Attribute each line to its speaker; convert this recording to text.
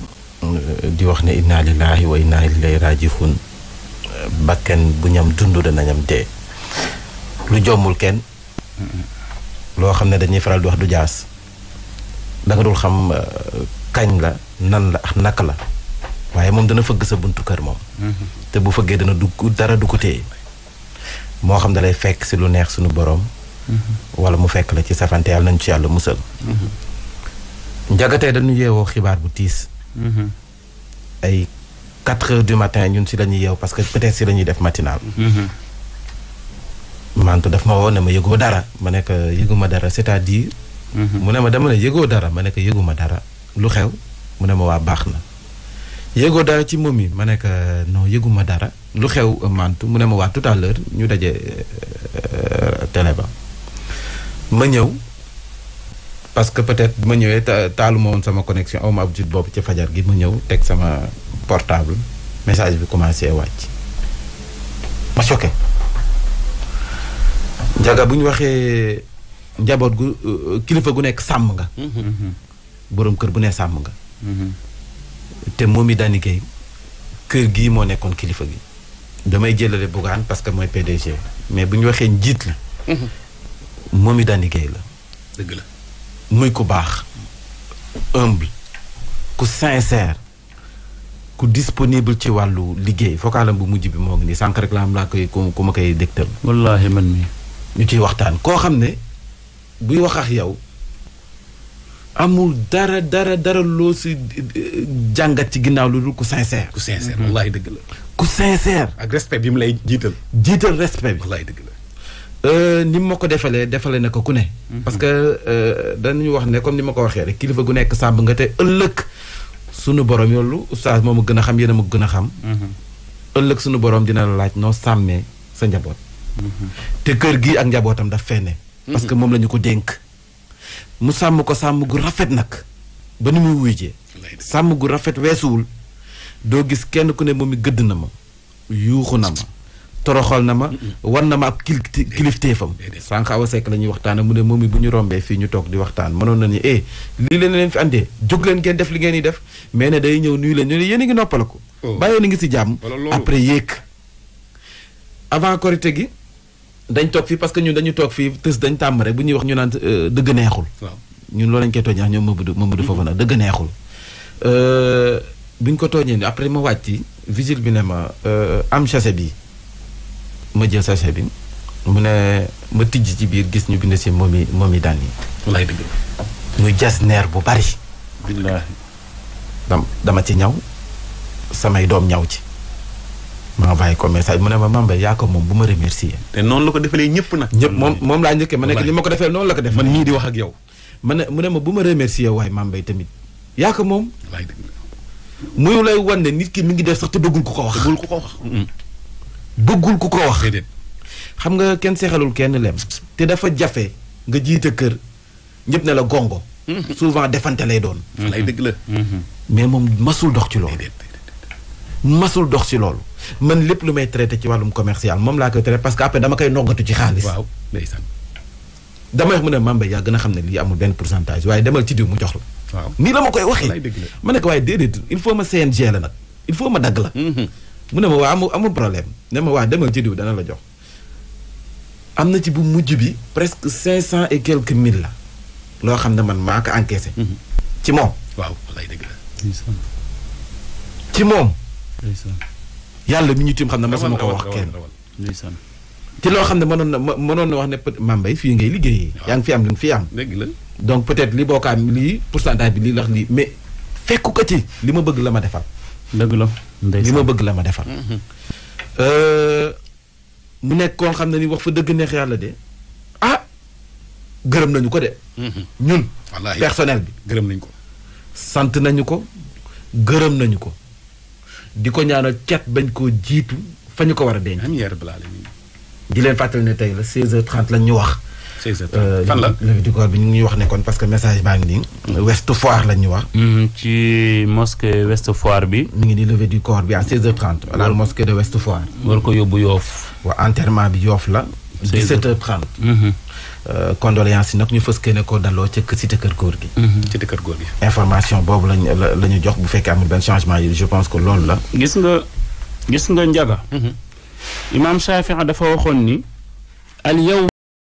Speaker 1: oustaz euh, di wax ne inna lillahi wa inna ilayhi rajiun bakkan bu ñam dund dana ñam dee lu jommul kenn loo xam ne dañuy faral di wax du jaas da nga dul xam euh, kañ la nan la ak naka la waaye moom dana fëgg sa buntu kër moom te bu fëggee dana dugg dara du ko téye moo xam da fekk si lu neex sunu boroom wala mu fekk la ci safante yàlla nañ ci yàlla musal mhm. njagatee dañu yeewoo xibaar bu tiis Mm-hmm. ay quatre heures du matin ñun si la ñuy yeew parce que peut si la def matinal mm-hmm. mantu daf ma woo ne ma yëgoo dara ma nekk yëguma dara c'est-à-dire mm-hmm. mu ne ma dama ne yëgoo dara ma nekk yëguma dara lu xew mu ne ma waa baax na yëgoo dara ci moom yi ma nekk non yëguma dara lu xew mantu mu ne ma waa tout à l'heure ñu daje euh, télé ba ma ñëw parce que peut-être bu ma ñëwee taaluma woon sama connexion aw ma habitude boobu ci fajar gi ma ñëw teg sama portable message bi commencé wàcc ma choqué njaga bu ñu waxee njaboot gu euh, kilifa gu nekk sàmm nga mm-hmm. boroom kër bu ne sàmm nga mm-hmm. te moom i daani kay kër gii moo nekkoon kilifa gi damay jëlale Bougane parce que mooy PDG mais bu ñu waxee njiit la mm-hmm. moom i daani kay la muy ku baax humble ku sincère ku disponible ci wàllu liggéey fokaalam bu mujj bi moo ngi nii sànq rek laa am laa koy ku ku ma koy dégtal. wallaahi man mi ñu ciy waxtaan koo xam ne buy wax ak yow amul dara dara dara loo si jàngat ci ginnaaw lu dul ku sincère. ku sincère wallaahi dëgg la. ku sincère. ak respect bi mu lay jiital. jiital respect bi wallaahi dëgg la. Euh, ni ma ko defalee defale na ko ku ne. Mhm. parce que euh, dañu wax ne comme ni ma ko waxee rek kilifa gu nekk sàmm nga te ëllëg sunu borom yolu oustaz moom a gën a xam yéen a ma gën a xam. Mhm. ëllëg suñu borom dina la laaj noo sàmmee sa njaboot. Mhm. te kër gi ak njabootam daf fene parce que moom la ñu ko dénk. mu sàmm ko sàmm gu rafet nag ba ni muy wuyjee. sàmm gu rafet weesuwul doo gis kenn ku ne moom i gëdd na ma yuuxu na ma. toroxal na ma war na ma ab kil kilifteefam sànq awa sekk la ñuy waxtaana mu ne moom i bu ñu rombee fii ñu toog di waxtaan mënoon na ni eh lii leen leen fi àndee jóg leen ngeen def li ngeen di def mais ne day ñëw nuyu leen ñu ne yéen a ngi noppal ko oh. bàyyi na ngi si jàmm après yéeg avant korité gi dañ toog fii parce que ñun dañu toog fii tës dañ tàmm bu ñuy wax ñu naan euh, dëgg neexul ñun lool lañ koy tooñax ah, ñoom Mamadou Mamadou foofu nag mm-hmm. dëgg neexul euh, bi ñu ko tooñee ni après ma wàcc vigile bi ne ma euh, am chassé bi ma jël sachet bi mu ne ma tijj ci biir gis ñu bind si moom i moom i daan yi. wallaay dëgg la. muy neer bu bari. dama ci ñaw samay doom ñaw ci. ma envoyé ko message mu ne ma Mame yaa ko moom bu ma remercier. te noonu la ko defalee ñëpp nag. ñëpp moom moom laa njëkkee ma nekk li ma ko defee noonu la ko def. man nii di wax ak yow. ma ne mu ne ma bu ma remercier waaye Mame Mbaye tamit yaa ko moom. wallaay dëgg muy lay wan ne nit ki mi ngi def sax te bëggul ku ko wax. bëggul ku ko wax. bëggul ku ko wax. xam nga kenn seexalul kenn lem. te dafa jafe nga jiite kër ñëpp ne la gongo. Mhm. souvent defante lay doon. Mhm. lay dëgg la. Mhm. mais moom masul dox ci loolu. masul dox ci loolu. man lépp lu may traité ci wàllum commercial moom laa koy traité parce que après dama koy noggatu ci xaalis. waaw ndeysaan. damay wax mu ne Mamba yaa gën a xam ne lii amul benn pourcentage waaye demal ci diw mu jox la. waaw nii la ma koy waxee. lay dëgg la ma ne waaye déedéet il faut ma CNG la nag il faut ma dagg la. mu ne ma waa amul amul ne ma waa demal ci diw dana la jox am na ci bu mujj bi presque cinq cent et quelques mille la loo xam ne man maa ko encaissé. Mhm. ci moom. waaw wallaay dëgg la. ci moom. mi ñu tiim xam ne masuma ko wax kenn. ci loo xam ne mënoon na mënoon na wax ne peut Mambay fii ngay liggéey yaa ngi fi am li nga fi am. dëgg la donc peut-être li boo ko am lii pourcentage bi lii lax lii mais fekku ko ci li ma bëgg la ma defal. dëgg la li ma bëgg la ma defal. Mm-hmm. Euh, mu nekk koo xam ne ni wax fa dëgg neex yàlla de ah gërëm nañu ko de. Mm-hmm. ñun. wallaahi personnel bi gërëm nañu ko. sant nañu ko gërëm nañu ko di ko ñaanal cat bañ koo jiitu fa ñu ko war a denc. amiin yaa rabbal aalamiin di leen fàttali ne tey la 16h30 lañ ñu wax. c'est exactement euh, fan la léegi di ko bi ñu ngi wax ne kon parce que message baa ngi nii. West Foire la wax. Mm-hmm. ci mosquée West Foire bi. mi ngi di levée du corps bi à 16h30. à la de West Foire. war ko yóbbu Yoff. waa enterrement bi Yoff la. 17h30. Mm-hmm. Euh, condoléances yi nag ñu fës ko daloo ca cité kër mm-hmm. kër góor gi. information boobu lañ jox bu fekkee amul benn changement yi je pense que loolu la. gis nga gis nga njaga. imaam Shaafi'i dafa waxoon ni. al